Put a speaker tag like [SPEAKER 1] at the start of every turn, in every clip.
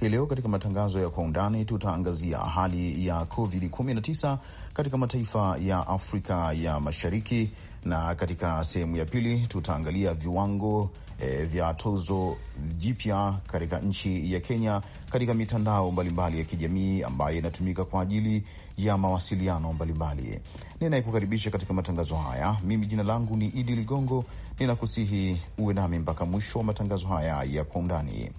[SPEAKER 1] Hii leo katika matangazo ya kwa undani tutaangazia hali ya COVID-19 katika mataifa ya Afrika ya Mashariki, na katika sehemu ya pili tutaangalia viwango e, vya tozo jipya katika nchi ya Kenya katika mitandao mbalimbali ya kijamii ambayo inatumika kwa ajili ya mawasiliano mbalimbali. Ninayekukaribisha katika matangazo haya mimi, jina langu ni Idi Ligongo, ninakusihi uwe nami mpaka mwisho wa matangazo haya ya kwa undani.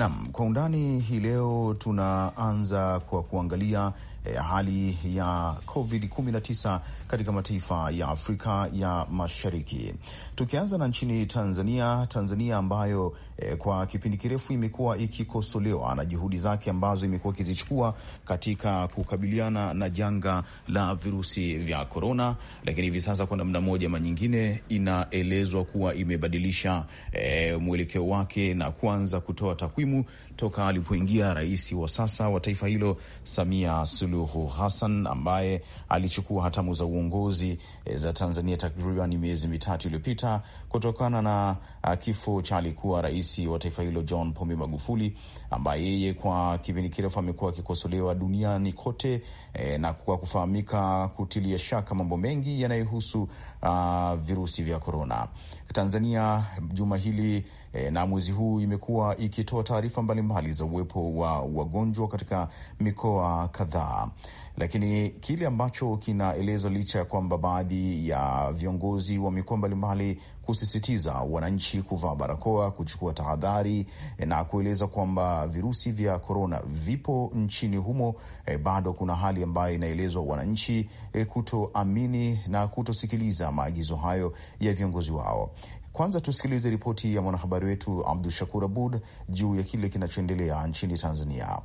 [SPEAKER 1] Naam, kwa undani hii leo tunaanza kwa kuangalia eh, hali ya COVID-19 katika mataifa ya Afrika ya Mashariki. Tukianza na nchini Tanzania, Tanzania ambayo eh, kwa kipindi kirefu imekuwa ikikosolewa na juhudi zake ambazo imekuwa ikizichukua katika kukabiliana na janga la virusi vya korona, lakini hivi sasa kwa namna moja ama nyingine inaelezwa kuwa imebadilisha eh, mwelekeo wake na kuanza kutoa takwimu toka alipoingia rais wa sasa wa taifa hilo Samia Suluhu Suluhu Hassan ambaye alichukua hatamu za uongozi eh, za Tanzania takriban miezi mitatu iliyopita kutokana na ah, kifo cha alikuwa rais wa taifa hilo John Pombe Magufuli, ambaye yeye kwa kipindi kirefu amekuwa akikosolewa duniani kote e, na kwa kufahamika kutilia shaka mambo mengi yanayohusu ah, virusi vya korona. Tanzania juma hili e, na mwezi huu imekuwa ikitoa taarifa mbalimbali za uwepo wa wagonjwa katika mikoa kadhaa, lakini kile ambacho kinaelezwa licha ya kwamba baadhi ya viongozi wa mikoa mbalimbali kusisitiza wananchi kuvaa barakoa, kuchukua tahadhari eh, na kueleza kwamba virusi vya korona vipo nchini humo, e, bado kuna hali ambayo inaelezwa wananchi e, kutoamini na kutosikiliza maagizo hayo ya viongozi wao. Kwanza tusikilize ripoti ya mwanahabari wetu Abdu Shakur Abud juu ya kile kinachoendelea nchini Tanzania.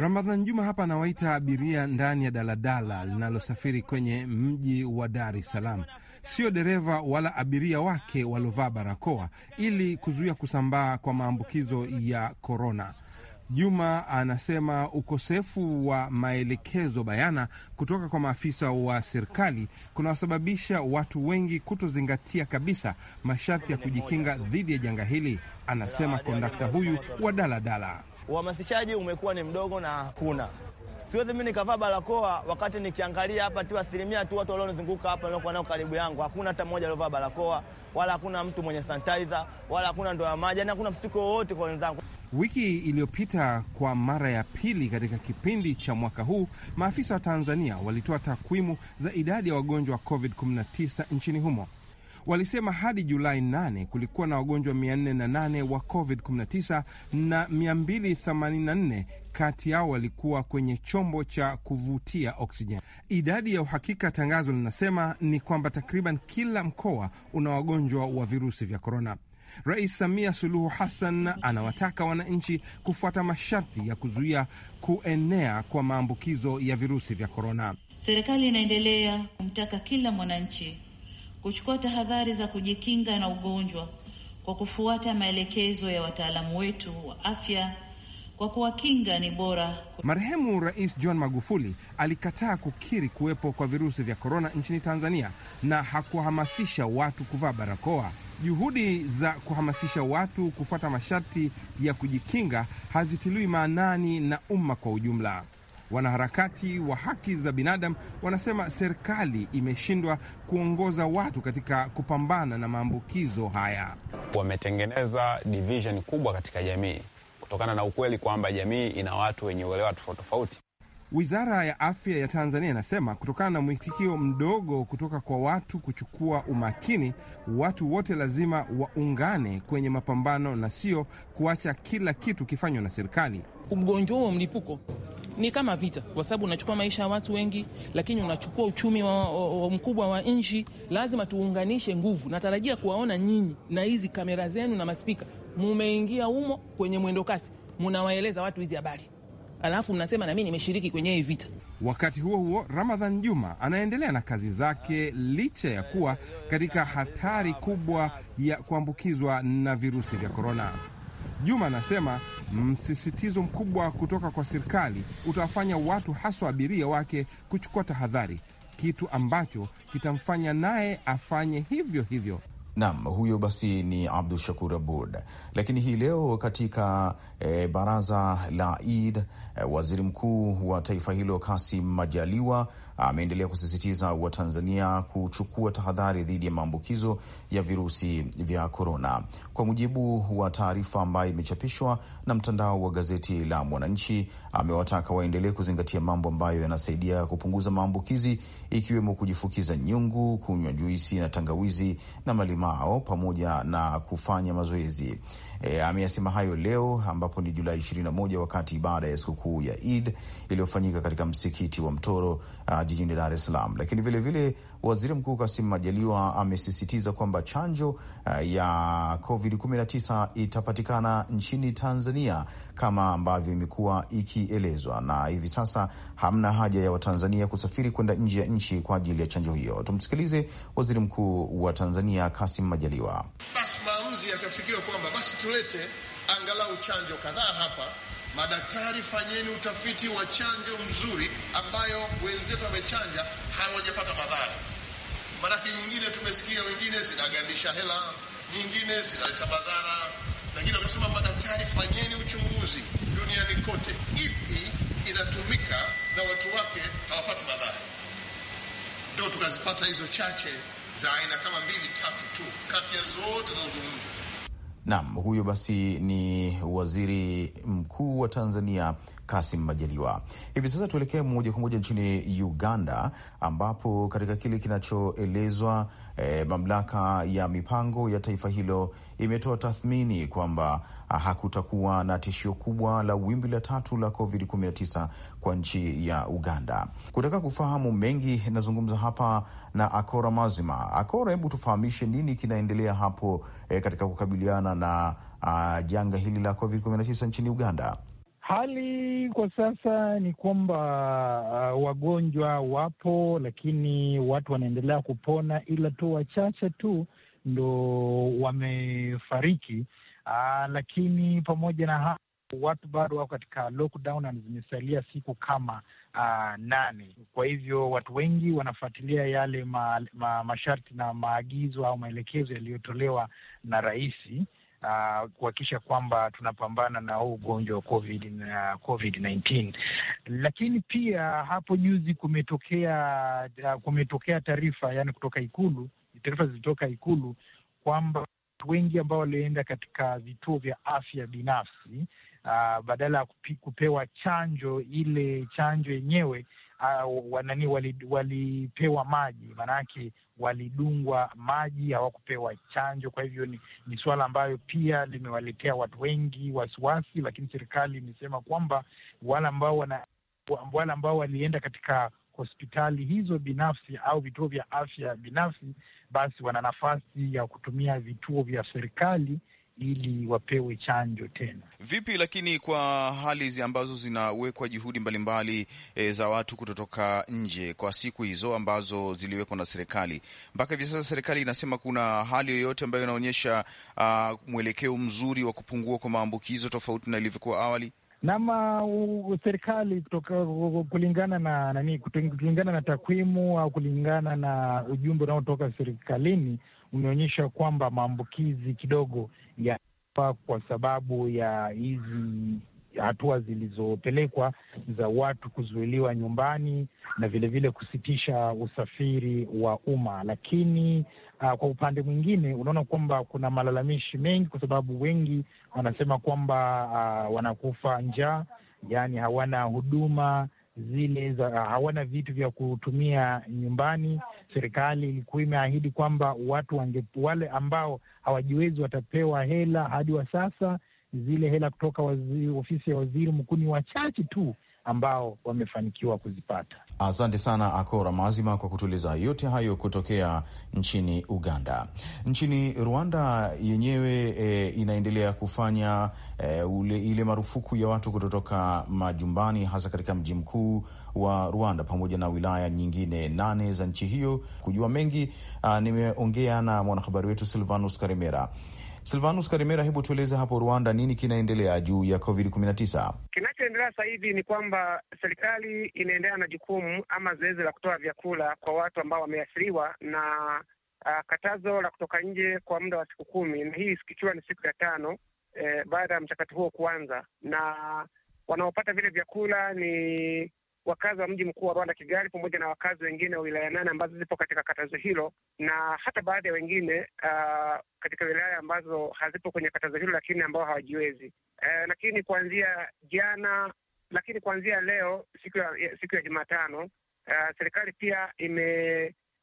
[SPEAKER 2] Ramadhan Juma hapa anawaita abiria ndani ya daladala linalosafiri kwenye mji wa Dar es Salaam, sio dereva wala abiria wake waliovaa barakoa ili kuzuia kusambaa kwa maambukizo ya korona. Juma anasema ukosefu wa maelekezo bayana kutoka kwa maafisa wa serikali kunawasababisha watu wengi kutozingatia kabisa masharti ya kujikinga dhidi ya janga hili. Anasema kondakta huyu wa daladala,
[SPEAKER 1] uhamasishaji umekuwa ni mdogo na hakuna Siwezi mimi nikavaa barakoa wakati nikiangalia hapa tu asilimia tu watu walionizunguka hapa nilikuwa nao karibu yangu, hakuna hata mmoja aliovaa barakoa, wala hakuna mtu mwenye sanitizer, wala hakuna ndoa ya maji, na hakuna mshtuko wowote kwa wenzangu.
[SPEAKER 2] Wiki iliyopita kwa mara ya pili katika kipindi cha mwaka huu, maafisa wa Tanzania walitoa takwimu za idadi ya wagonjwa wa COVID-19 nchini humo. Walisema hadi Julai 8 kulikuwa na wagonjwa 408 wa COVID-19 na 284 kati yao walikuwa kwenye chombo cha kuvutia oksijeni. Idadi ya uhakika, tangazo linasema ni kwamba takriban kila mkoa una wagonjwa wa virusi vya korona. Rais Samia Suluhu Hassan anawataka wananchi kufuata masharti ya kuzuia kuenea kwa maambukizo ya virusi vya korona.
[SPEAKER 1] Serikali inaendelea kumtaka kila mwananchi kuchukua tahadhari za kujikinga na ugonjwa kwa kufuata maelekezo ya wataalamu wetu wa afya kwa kuwakinga ni bora.
[SPEAKER 2] Marehemu Rais John Magufuli alikataa kukiri kuwepo kwa virusi vya korona nchini Tanzania na hakuhamasisha watu kuvaa barakoa. Juhudi za kuhamasisha watu kufuata masharti ya kujikinga hazitiliwi maanani na umma kwa ujumla. Wanaharakati wa haki za binadamu wanasema serikali imeshindwa kuongoza watu katika kupambana na maambukizo haya.
[SPEAKER 3] Wametengeneza division kubwa katika jamii kutokana na ukweli kwamba jamii ina watu wenye
[SPEAKER 2] uelewa tofauti tofauti. Wizara ya Afya ya Tanzania inasema kutokana na mwitikio mdogo kutoka kwa watu kuchukua umakini, watu wote lazima waungane kwenye mapambano na sio kuacha kila kitu kifanywa na serikali ugonjwa huo mlipuko ni kama vita, kwa sababu unachukua maisha ya watu wengi, lakini unachukua uchumi wa, wa, wa mkubwa wa nchi. Lazima tuunganishe nguvu. Natarajia kuwaona nyinyi na hizi kamera zenu na maspika, mumeingia humo kwenye mwendokasi, munawaeleza watu hizi habari alafu mnasema nami nimeshiriki kwenye hii vita. Wakati huo huo, Ramadhan Juma anaendelea na kazi zake licha ya kuwa katika hatari kubwa ya kuambukizwa na virusi vya korona. Juma anasema msisitizo mkubwa kutoka kwa serikali utawafanya watu haswa abiria wake kuchukua tahadhari, kitu ambacho kitamfanya naye afanye hivyo hivyo. Nam huyo basi ni Abdu
[SPEAKER 1] Shakur Abud. Lakini hii leo katika e, baraza la Eid e, waziri mkuu wa taifa hilo Kasim Majaliwa ameendelea kusisitiza Watanzania kuchukua tahadhari dhidi ya maambukizo ya virusi vya korona. Kwa mujibu wa taarifa ambayo imechapishwa na mtandao wa gazeti la Mwananchi, amewataka waendelee kuzingatia mambo ambayo yanasaidia kupunguza maambukizi ikiwemo kujifukiza nyungu, kunywa juisi na tangawizi na malimao pamoja na kufanya mazoezi. E, ameyasema hayo leo ambapo ni Julai 21 wakati baada ya sikukuu ya Eid iliyofanyika katika msikiti wa Mtoro uh, jijini Dar es Salaam. Lakini vilevile waziri mkuu Kasim Majaliwa amesisitiza kwamba chanjo uh, ya Covid 19 itapatikana nchini Tanzania kama ambavyo imekuwa ikielezwa, na hivi sasa hamna haja ya Watanzania kusafiri kwenda nje ya nchi kwa ajili ya chanjo hiyo. Tumsikilize waziri mkuu wa Tanzania Kasim Majaliwa.
[SPEAKER 2] Basi maamuzi yatafikiwa
[SPEAKER 4] kwamba basi tulete angalau chanjo kadhaa hapa Madaktari, fanyeni utafiti wa chanjo mzuri ambayo wenzetu wamechanja hawajapata madhara. Maanake nyingine tumesikia wengine zinagandisha hela, nyingine zinaleta madhara, lakini wamesema madaktari, fanyeni uchunguzi duniani kote, ipi inatumika na watu wake hawapati madhara. ndo tukazipata hizo chache za aina kama mbili tatu tu kati ya zote zinazozungumzwa.
[SPEAKER 1] Naam, huyo basi ni waziri mkuu wa Tanzania Kasim Majaliwa. Hivi sasa tuelekee moja kwa moja nchini Uganda, ambapo katika kile kinachoelezwa eh, mamlaka ya mipango ya taifa hilo imetoa tathmini kwamba Ah, hakutakuwa na tishio kubwa la wimbi la tatu la COVID-19 kwa nchi ya Uganda. Kutaka kufahamu mengi, nazungumza hapa na Akora Mazima. Akora, hebu tufahamishe nini kinaendelea hapo eh, katika kukabiliana na uh, janga hili la COVID-19 nchini Uganda?
[SPEAKER 5] Hali kwa sasa ni kwamba uh, wagonjwa wapo, lakini watu wanaendelea kupona, ila tu wachache tu ndo wamefariki Aa, ah, lakini pamoja na hapo watu bado wako katika lockdown na zimesalia siku kama aa, ah, nane. Kwa hivyo watu wengi wanafuatilia yale ma, ma, masharti na maagizo au maelekezo yaliyotolewa na rais ah, kuhakikisha kwamba tunapambana na huu ugonjwa wa COVID, na COVID-19. Lakini pia hapo juzi kumetokea uh, kumetokea taarifa yani kutoka Ikulu, taarifa zilitoka Ikulu kwamba watu wengi ambao walienda katika vituo vya afya binafsi uh, badala ya kupewa chanjo ile chanjo yenyewe uh, ah, wanani walipewa wali maji, maanake walidungwa maji, hawakupewa chanjo. Kwa hivyo ni, ni suala ambayo pia limewaletea watu wengi wasiwasi, lakini serikali imesema kwamba wale ambao wana wale ambao walienda katika hospitali hizo binafsi au vituo vya afya binafsi, basi wana nafasi ya kutumia vituo vya serikali ili wapewe chanjo tena.
[SPEAKER 1] Vipi lakini kwa hali ambazo zinawekwa juhudi mbalimbali e, za watu kutotoka nje kwa siku hizo ambazo ziliwekwa na serikali, mpaka hivi sasa serikali inasema kuna hali yoyote ambayo inaonyesha mwelekeo mzuri wa kupungua kwa maambukizo tofauti na ilivyokuwa awali?
[SPEAKER 5] Nama serikali kutoka kulingana na nani, kulingana na takwimu au kulingana na ujumbe unaotoka serikalini umeonyesha kwamba maambukizi kidogo ya kwa sababu ya hizi hatua zilizopelekwa za watu kuzuiliwa nyumbani na vilevile vile kusitisha usafiri wa umma. Lakini uh, kwa upande mwingine unaona kwamba kuna malalamishi mengi, kwa sababu wengi wanasema kwamba uh, wanakufa njaa, yaani hawana huduma zile za hawana vitu vya kutumia nyumbani. Serikali ilikuwa imeahidi kwamba watu wange, wale ambao hawajiwezi watapewa hela. Hadi wa sasa zile hela kutoka waziri, ofisi ya waziri mkuu ni wachache tu
[SPEAKER 1] ambao wamefanikiwa kuzipata. Asante sana Akora Mazima kwa kutueleza yote hayo kutokea nchini Uganda. Nchini Rwanda yenyewe e, inaendelea kufanya e, ule, ile marufuku ya watu kutotoka majumbani hasa katika mji mkuu wa Rwanda pamoja na wilaya nyingine nane za nchi hiyo. Kujua mengi, ah, nimeongea na mwanahabari wetu Silvanus Karimera. Silvanus Karimera, hebu tueleze hapo Rwanda nini kinaendelea juu ya Covid 19?
[SPEAKER 6] Kinachoendelea sasa hivi ni kwamba serikali inaendelea na jukumu ama zoezi la kutoa vyakula kwa watu ambao wameathiriwa na uh, katazo la kutoka nje kwa muda wa siku kumi, na hii ikiwa ni siku ya tano eh, baada ya mchakato huo kuanza, na wanaopata vile vyakula ni wakazi wa mji mkuu wa Rwanda, Kigali, pamoja na wakazi wengine wa wilaya nane ambazo zipo katika katazo hilo na hata baadhi ya wengine uh, katika wilaya ambazo hazipo kwenye katazo hilo lakini ambao hawajiwezi uh, lakini kuanzia jana, lakini kuanzia leo siku ya, siku ya Jumatano uh, serikali pia ime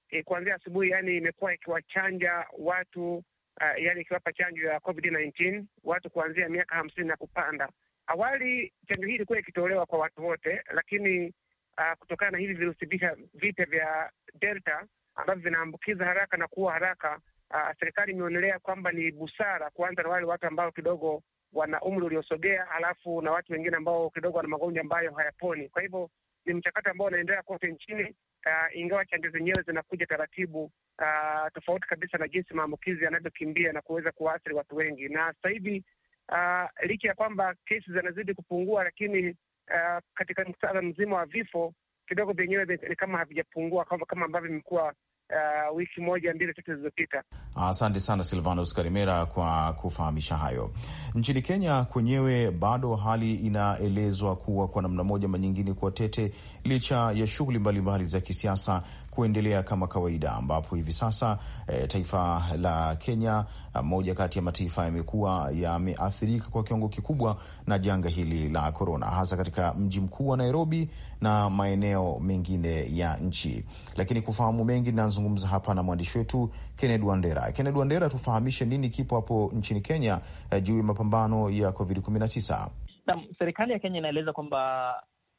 [SPEAKER 6] eh, kuanzia asubuhi yani imekuwa ikiwachanja watu uh, yani ikiwapa chanjo ya COVID-19 watu kuanzia miaka hamsini na kupanda Awali chanjo hii ilikuwa ikitolewa kwa watu wote, lakini uh, kutokana na hivi virusi vipya vya Delta ambavyo vinaambukiza haraka na kuua haraka, uh, serikali imeonelea kwamba ni busara kuanza na wale watu ambao kidogo wana umri uliosogea, halafu na watu wengine ambao kidogo wana magonjwa ambayo hayaponi. Kwa hivyo ni mchakato ambao unaendelea kote nchini. Uh, ingawa chanjo zenyewe zinakuja taratibu uh, tofauti kabisa na jinsi maambukizi yanavyokimbia na kuweza kuwaathiri watu wengi. Na sasa hivi uh, licha ya kwamba kesi zinazidi kupungua, lakini uh, katika muktadha mzima wa vifo kidogo vyenyewe ni kama havijapungua kama ambavyo imekuwa Uh, wiki moja mbili tatu zilizopita.
[SPEAKER 1] Asante sana Silvanus Karimera kwa kufahamisha hayo. Nchini Kenya kwenyewe bado hali inaelezwa kuwa kwa namna moja ama nyingine kuwa tete, licha ya shughuli mbalimbali za kisiasa kuendelea kama kawaida, ambapo hivi sasa e, taifa la Kenya, eh, moja kati ya mataifa yamekuwa yameathirika kwa kiwango kikubwa na janga hili la korona, hasa katika mji mkuu wa Nairobi na maeneo mengine ya nchi. Lakini kufahamu mengi, nazungumza hapa na mwandishi wetu Kenneth Wandera. Kenneth Wandera, tufahamishe nini kipo hapo nchini Kenya e, juu ya mapambano ya COVID 19?
[SPEAKER 7] Naam, serikali ya Kenya inaeleza kwamba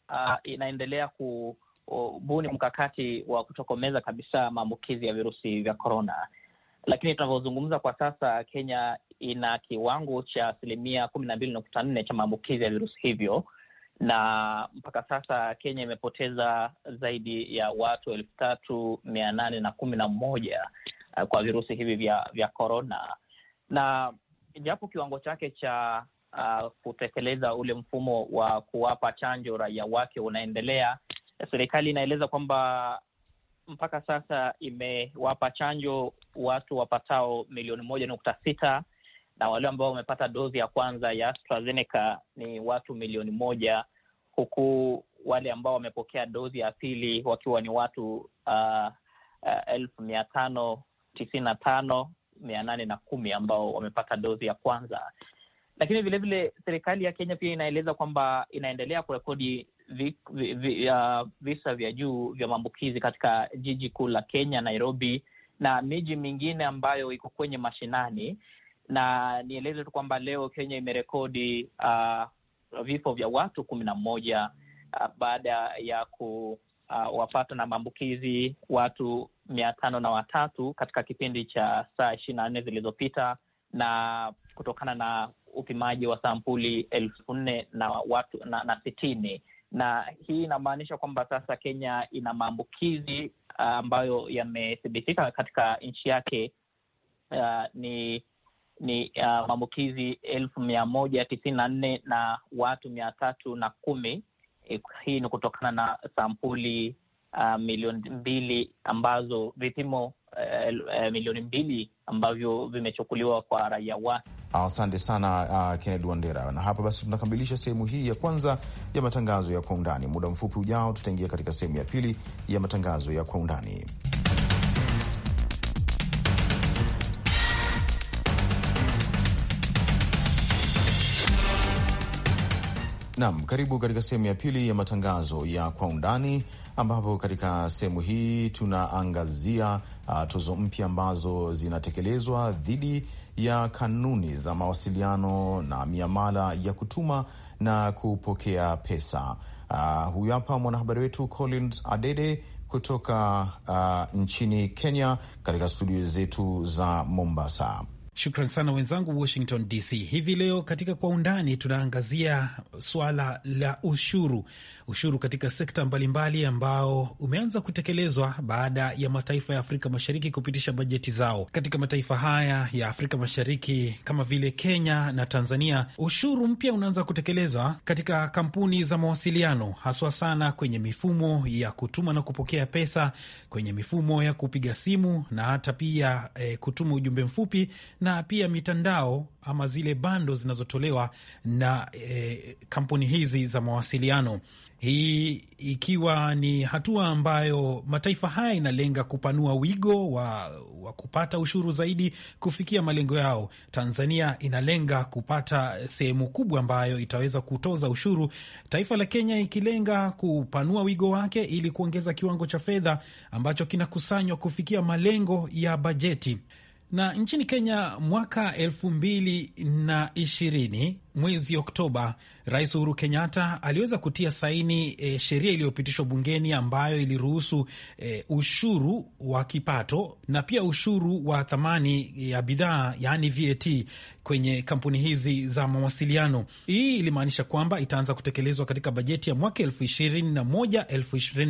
[SPEAKER 7] uh, inaendelea ku huu ni mkakati wa kutokomeza kabisa maambukizi ya virusi vya korona, lakini tunavyozungumza kwa sasa, Kenya ina kiwango cha asilimia kumi na mbili nukta nne cha maambukizi ya virusi hivyo, na mpaka sasa Kenya imepoteza zaidi ya watu elfu tatu mia nane na kumi na moja uh, kwa virusi hivi vya vya korona, na japo kiwango chake cha uh, kutekeleza ule mfumo wa kuwapa chanjo raia wake unaendelea serikali inaeleza kwamba mpaka sasa imewapa chanjo watu wapatao milioni moja nukta sita na wale ambao wamepata dozi ya kwanza ya AstraZeneca ni watu milioni moja huku wale ambao wamepokea dozi ya pili wakiwa ni watu uh, uh, elfu mia tano tisini na tano mia nane na kumi ambao wamepata dozi ya kwanza. Lakini vilevile serikali ya Kenya pia inaeleza kwamba inaendelea kurekodi vi, vi, vi, uh, visa vya juu vya maambukizi katika jiji kuu la Kenya, Nairobi, na miji mingine ambayo iko kwenye mashinani. Na nieleze tu kwamba leo Kenya imerekodi uh, vifo vya watu kumi na moja uh, baada ya ku uh, wapata na maambukizi watu mia tano na watatu katika kipindi cha saa ishirini na nne zilizopita na kutokana na upimaji wa sampuli elfu nne na watu na, na sitini na hii inamaanisha kwamba sasa Kenya ina maambukizi uh, ambayo yamethibitika katika nchi yake uh, ni ni uh, maambukizi elfu mia moja tisini na nne na watu mia tatu na kumi. Eh, hii ni kutokana na sampuli uh, milioni mbili ambazo vipimo uh, uh, milioni mbili ambavyo vimechukuliwa kwa raia wake.
[SPEAKER 1] Asante sana uh, Kennedy Wandera. Na hapa basi tunakamilisha sehemu hii ya kwanza ya matangazo ya kwa undani. Muda mfupi ujao, tutaingia katika sehemu ya pili ya matangazo ya kwa undani. Naam, karibu katika sehemu ya pili ya matangazo ya kwa undani ambapo katika sehemu hii tunaangazia uh, tozo mpya ambazo zinatekelezwa dhidi ya kanuni za mawasiliano na miamala ya kutuma na kupokea pesa. Uh, huyu hapa mwanahabari wetu Collins Adede kutoka uh, nchini Kenya katika studio zetu za Mombasa.
[SPEAKER 3] Shukran sana wenzangu Washington DC. Hivi leo katika Kwa Undani tunaangazia swala la ushuru, ushuru katika sekta mbalimbali ambao umeanza kutekelezwa baada ya mataifa ya Afrika Mashariki kupitisha bajeti zao. Katika mataifa haya ya Afrika Mashariki kama vile Kenya na Tanzania, ushuru mpya unaanza kutekelezwa katika kampuni za mawasiliano, haswa sana kwenye mifumo ya kutuma na kupokea pesa, kwenye mifumo ya kupiga simu na hata pia eh, kutuma ujumbe mfupi na pia mitandao ama zile bando zinazotolewa na e, kampuni hizi za mawasiliano. Hii ikiwa ni hatua ambayo mataifa haya inalenga kupanua wigo wa, wa kupata ushuru zaidi kufikia malengo yao. Tanzania inalenga kupata sehemu kubwa ambayo itaweza kutoza ushuru, taifa la Kenya ikilenga kupanua wigo wake ili kuongeza kiwango cha fedha ambacho kinakusanywa kufikia malengo ya bajeti na nchini Kenya mwaka elfu mbili na ishirini mwezi Oktoba, Rais Uhuru Kenyatta aliweza kutia saini e, sheria iliyopitishwa bungeni ambayo iliruhusu e, ushuru wa kipato na pia ushuru wa thamani ya bidhaa yaani VAT kwenye kampuni hizi za mawasiliano. Hii ilimaanisha kwamba itaanza kutekelezwa katika bajeti ya mwaka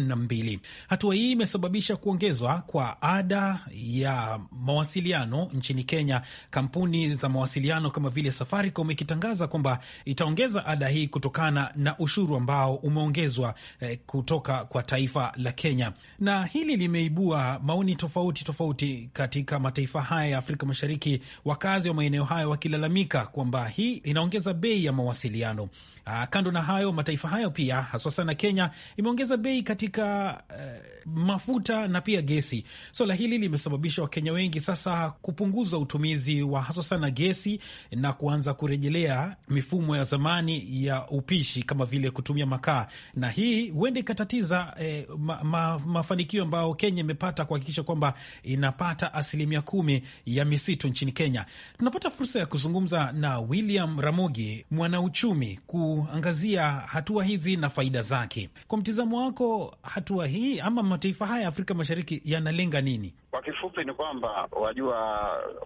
[SPEAKER 3] na mbili. Hatua hii imesababisha kuongezwa kwa ada ya mawasiliano nchini Kenya, kampuni za mawasiliano kama vile Safaricom ikitangaza kwamba itaongeza ada hii kutokana na ushuru ambao umeongezwa eh, kutoka kwa taifa la Kenya, na hili limeibua maoni tofauti tofauti katika mataifa haya ya Afrika Mashariki, wakazi wa maeneo hayo wakilalamika kwamba hii inaongeza bei ya mawasiliano. Ah, kando na hayo, mataifa hayo pia haswa sana Kenya imeongeza bei katika uh, mafuta na pia gesi. Swala so, hili limesababisha Wakenya wengi sasa kupunguza utumizi wa haswa sana gesi na kuanza kurejelea mifumo ya zamani ya upishi kama vile kutumia makaa, na hii huenda ikatatiza eh, ma, ma, mafanikio ambayo Kenya imepata kuhakikisha kwamba inapata asilimia kumi ya misitu nchini Kenya. Tunapata fursa ya kuzungumza na William Ramogi, mwanauchumi ku kuangazia hatua hizi na faida zake. Kwa mtizamo wako, hatua hii ama mataifa haya ya Afrika Mashariki yanalenga nini?
[SPEAKER 4] Kwa kifupi ni kwamba wajua,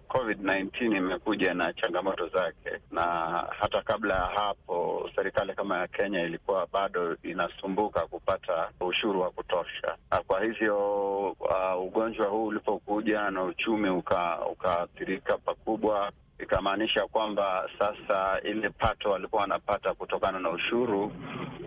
[SPEAKER 4] COVID-19 imekuja na changamoto zake, na hata kabla ya hapo serikali kama ya Kenya ilikuwa bado inasumbuka kupata ushuru wa kutosha. Kwa hivyo uh, ugonjwa huu ulipokuja na uchumi ukaathirika uka pakubwa, ikamaanisha kwamba sasa ile pato walikuwa wanapata kutokana na ushuru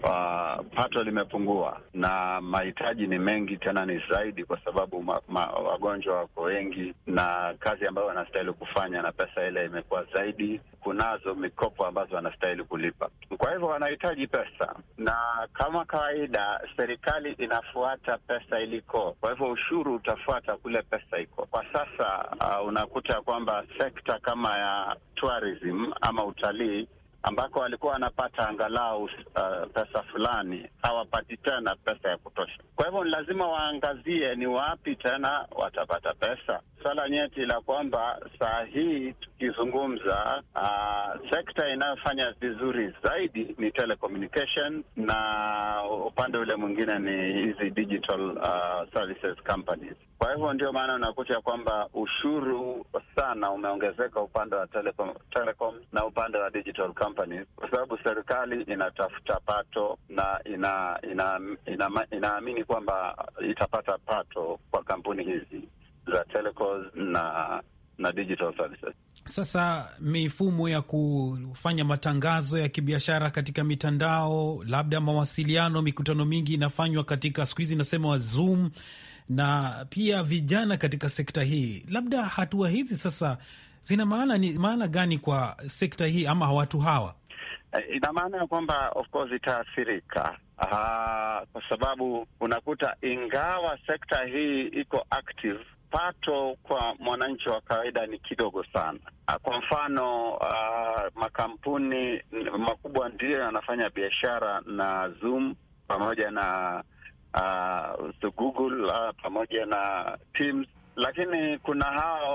[SPEAKER 4] uh, pato limepungua na mahitaji ni mengi, tena ni zaidi, kwa sababu ma, ma, wagonjwa wako wengi na kazi ambayo wanastahili kufanya na pesa ile imekuwa zaidi kunazo mikopo ambazo wanastahili kulipa. Kwa hivyo wanahitaji pesa, na kama kawaida serikali inafuata pesa iliko, kwa hivyo ushuru utafuata kule pesa iko. Kwa sasa uh, unakuta kwamba sekta kama ya tourism ama utalii ambako walikuwa wanapata angalau uh, pesa fulani, hawapati tena pesa ya kutosha. Kwa hivyo ni lazima waangazie ni wapi tena watapata pesa. Swala nyeti la kwamba saa hii tukizungumza, uh, sekta inayofanya vizuri zaidi ni telecommunication na upande ule mwingine ni hizi digital uh, services companies. Kwa hivyo ndio maana unakuta kwamba ushuru sana umeongezeka upande wa telecom, telecom na upande wa digital companies, kwa sababu serikali inatafuta pato na ina, ina, ina, ina, inaamini kwamba itapata pato kwa kampuni hizi za na na digital services.
[SPEAKER 3] Sasa mifumo ya kufanya matangazo ya kibiashara katika mitandao, labda mawasiliano, mikutano mingi inafanywa katika siku hizi, nasema Zoom na pia vijana katika sekta hii. Labda hatua hizi sasa zina maana ni maana gani kwa sekta hii ama watu hawa?
[SPEAKER 4] Eh, ina maana ya kwamba of course itaathirika ah, kwa sababu unakuta ingawa sekta hii iko active pato kwa mwananchi wa kawaida ni kidogo sana. Ah, kwa mfano uh, makampuni makubwa ndiyo yanafanya biashara na Zoom pamoja na uh, Google uh, pamoja na Teams, lakini kuna hawa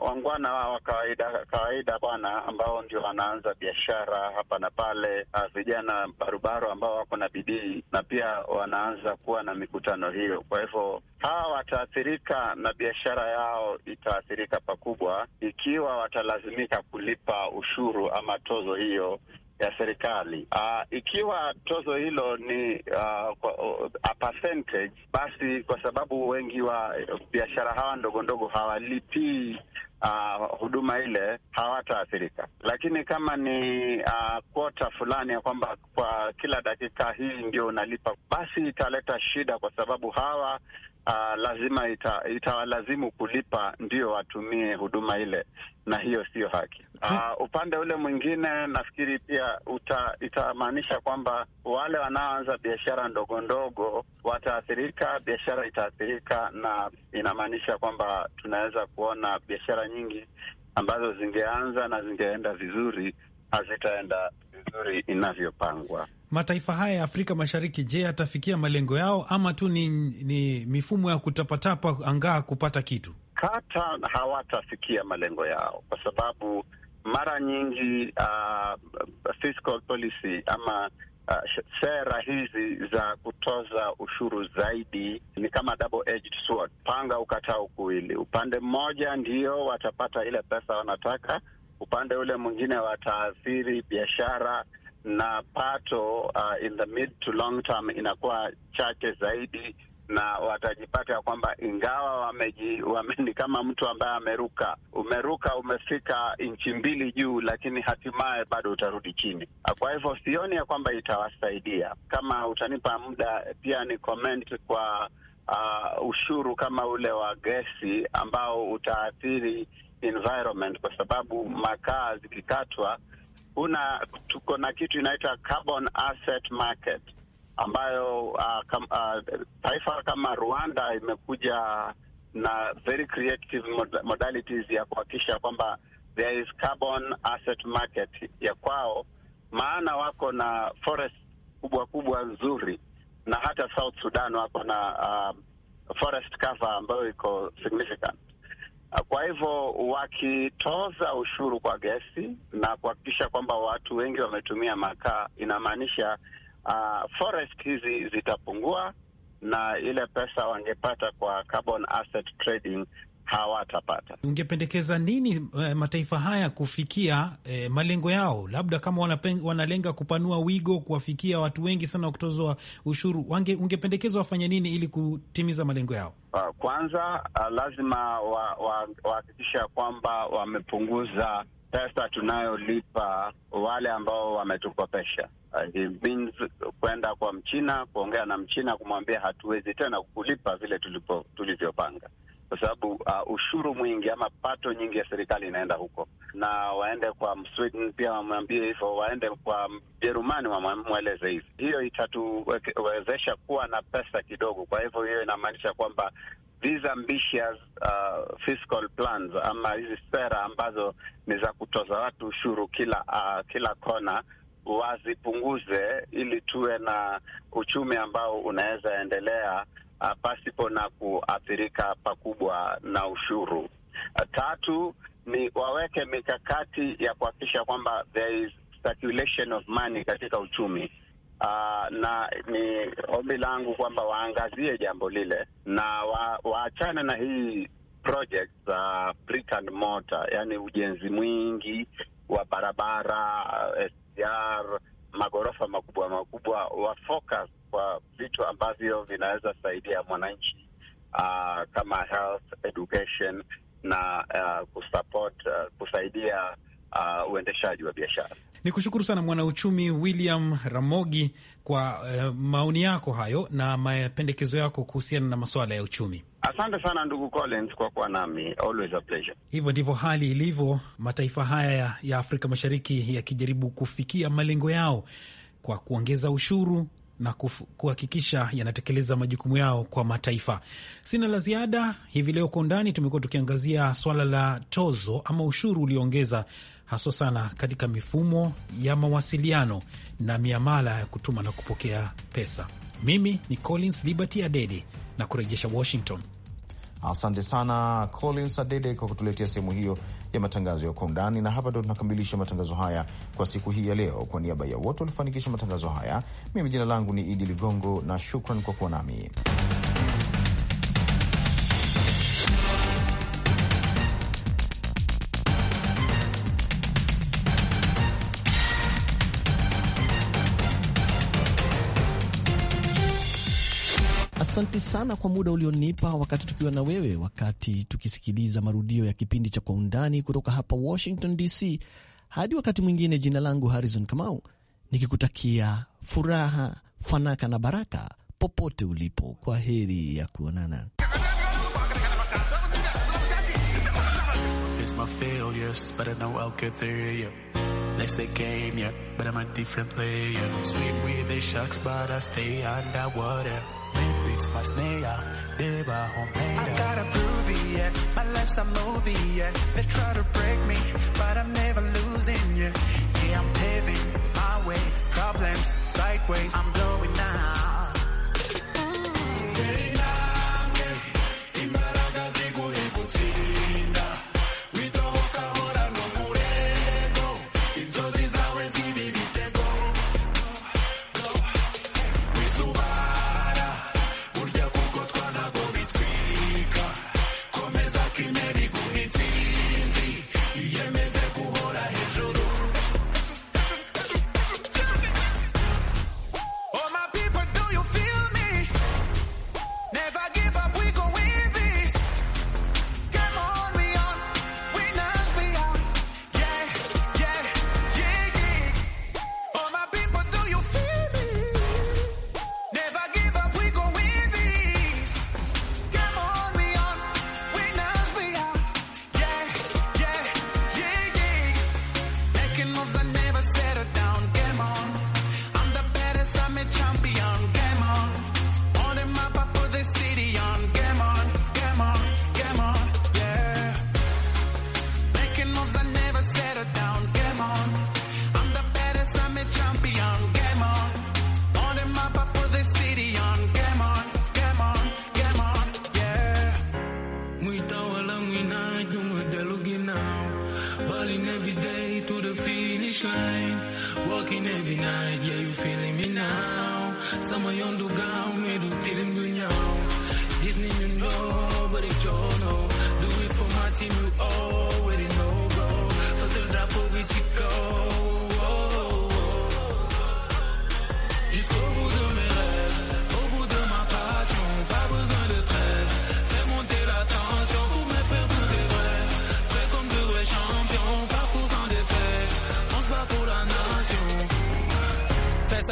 [SPEAKER 4] wangwana wa, wa, wa kawaida kawaida bwana, ambao ndio wanaanza biashara hapa na pale, uh, vijana barubaru ambao wako na bidii na pia wanaanza kuwa na mikutano hiyo. Kwa hivyo hawa wataathirika na biashara yao itaathirika pakubwa, ikiwa watalazimika kulipa ushuru ama tozo hiyo ya serikali. Uh, ikiwa tozo hilo ni uh, kwa, uh, a percentage, basi kwa sababu wengi wa biashara hawa ndogo ndogo hawalipii Uh, huduma ile hawataathirika, lakini kama ni uh, uh, fulani ya kwamba kwa kila dakika hii ndio unalipa, basi italeta shida, kwa sababu hawa uh, lazima ita, itawalazimu kulipa ndio watumie huduma ile, na hiyo siyo haki. Uh, upande ule mwingine nafikiri pia uta, itamaanisha kwamba wale wanaoanza biashara ndogo ndogo wataathirika, biashara itaathirika, na inamaanisha kwamba tunaweza kuona biashara nyingi ambazo zingeanza na zingeenda vizuri hazitaenda vizuri inavyopangwa
[SPEAKER 3] mataifa haya ya Afrika Mashariki, je, yatafikia malengo yao ama tu ni, ni mifumo ya kutapatapa angaa kupata
[SPEAKER 4] kitu? Kata hawatafikia malengo yao kwa sababu mara nyingi uh, fiscal policy ama uh, sera hizi za kutoza ushuru zaidi ni kama double-edged sword, panga ukataa ukuwili. Upande mmoja ndio watapata ile pesa wanataka, upande ule mwingine wataathiri biashara na pato uh, in the mid to long term inakuwa chache zaidi, na watajipata ya kwamba ingawa wameji, wame, ni kama mtu ambaye ameruka, umeruka umefika nchi mbili juu, lakini hatimaye bado utarudi chini. Ah, kwa hivyo sioni ya kwamba itawasaidia. Kama utanipa muda, pia ni comment kwa uh, ushuru kama ule wa gesi ambao utaathiri environment, kwa sababu makaa zikikatwa kuna tuko na kitu inaitwa carbon asset market ambayo uh, kam, uh, taifa kama Rwanda imekuja na very creative modalities ya kuhakikisha kwamba there is carbon asset market ya kwao, maana wako na forest kubwa kubwa nzuri, na hata South Sudan wako na uh, forest cover ambayo iko significant. Kwa hivyo wakitoza ushuru kwa gesi na kuhakikisha kwamba watu wengi wametumia makaa, inamaanisha uh, forest hizi zitapungua na ile pesa wangepata kwa carbon asset trading hawatapata.
[SPEAKER 3] Ungependekeza nini e, mataifa haya kufikia e, malengo yao? Labda kama wanapeng, wanalenga kupanua wigo kuwafikia watu wengi sana wakutozoa kutozwa ushuru wange, ungependekeza wafanye nini ili kutimiza malengo yao?
[SPEAKER 4] Ah, kwanza ah, lazima wahakikisha wa, wa kwamba wamepunguza pesa tunayolipa wale ambao wametukopesha. It means kwenda kwa Mchina kuongea na Mchina kumwambia hatuwezi tena kulipa vile tulipo tulivyopanga, kwa sababu uh, ushuru mwingi ama pato nyingi ya serikali inaenda huko, na waende kwa Msweden pia wamwambie hivyo, waende kwa Mjerumani wamweleze hivi. Hiyo itatuwezesha kuwa na pesa kidogo. Kwa hivyo hiyo inamaanisha kwamba these ambitious uh, fiscal plans ama hizi sera ambazo ni za kutoza watu ushuru kila uh, kila kona wazipunguze ili tuwe na uchumi ambao unaweza endelea uh, pasipo na kuathirika pakubwa na ushuru. Uh, tatu ni waweke mikakati ya kuhakikisha kwamba there is circulation of money katika uchumi Uh, na ni ombi langu kwamba waangazie jambo lile na waachane na hii project za uh, brick and mortar, yani ujenzi mwingi wa barabara uh, SGR magorofa makubwa makubwa, wa focus kwa vitu ambavyo vinaweza saidia mwananchi uh, kama health, education na uh, kusupport uh, kusaidia uh, uendeshaji wa biashara.
[SPEAKER 3] Ni kushukuru sana mwanauchumi William Ramogi kwa uh, maoni yako hayo na mapendekezo yako kuhusiana na masuala ya uchumi.
[SPEAKER 4] Asante sana ndugu Collins kwa kuwa nami, always a pleasure. Hivyo
[SPEAKER 3] ndivyo hali ilivyo, mataifa haya ya Afrika Mashariki yakijaribu kufikia malengo yao kwa kuongeza ushuru na kuhakikisha yanatekeleza majukumu yao kwa mataifa. Sina la ziada hivi leo. Kwa undani tumekuwa tukiangazia swala la tozo ama ushuru ulioongeza haswa sana katika mifumo ya mawasiliano na miamala ya kutuma na kupokea pesa. Mimi ni Collins Liberty Adede na kurejesha Washington. Asante sana
[SPEAKER 1] Collins Adede kwa kutuletea sehemu hiyo ya matangazo ya kwa undani, na hapa ndo tunakamilisha matangazo haya kwa siku hii ya leo. Kwa niaba ya wote walifanikisha matangazo haya, mimi jina langu ni Idi Ligongo na shukran kwa kuwa nami.
[SPEAKER 7] Asante sana kwa muda ulionipa wakati tukiwa na wewe, wakati tukisikiliza marudio ya kipindi cha Kwa Undani kutoka hapa Washington DC. Hadi wakati mwingine, jina langu Harrison Kamau, nikikutakia furaha, fanaka na baraka popote ulipo. Kwa heri ya kuonana.
[SPEAKER 3] game, yeah, but I'm a different player. Swim with the sharks, but I stay underwater. streets, mas nea, I gotta prove it, yeah. My life's a movie, yeah. They try to break me, but I'm never losing, yeah. Yeah, I'm paving my way, problems sideways. I'm blowing out.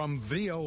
[SPEAKER 5] from VOA.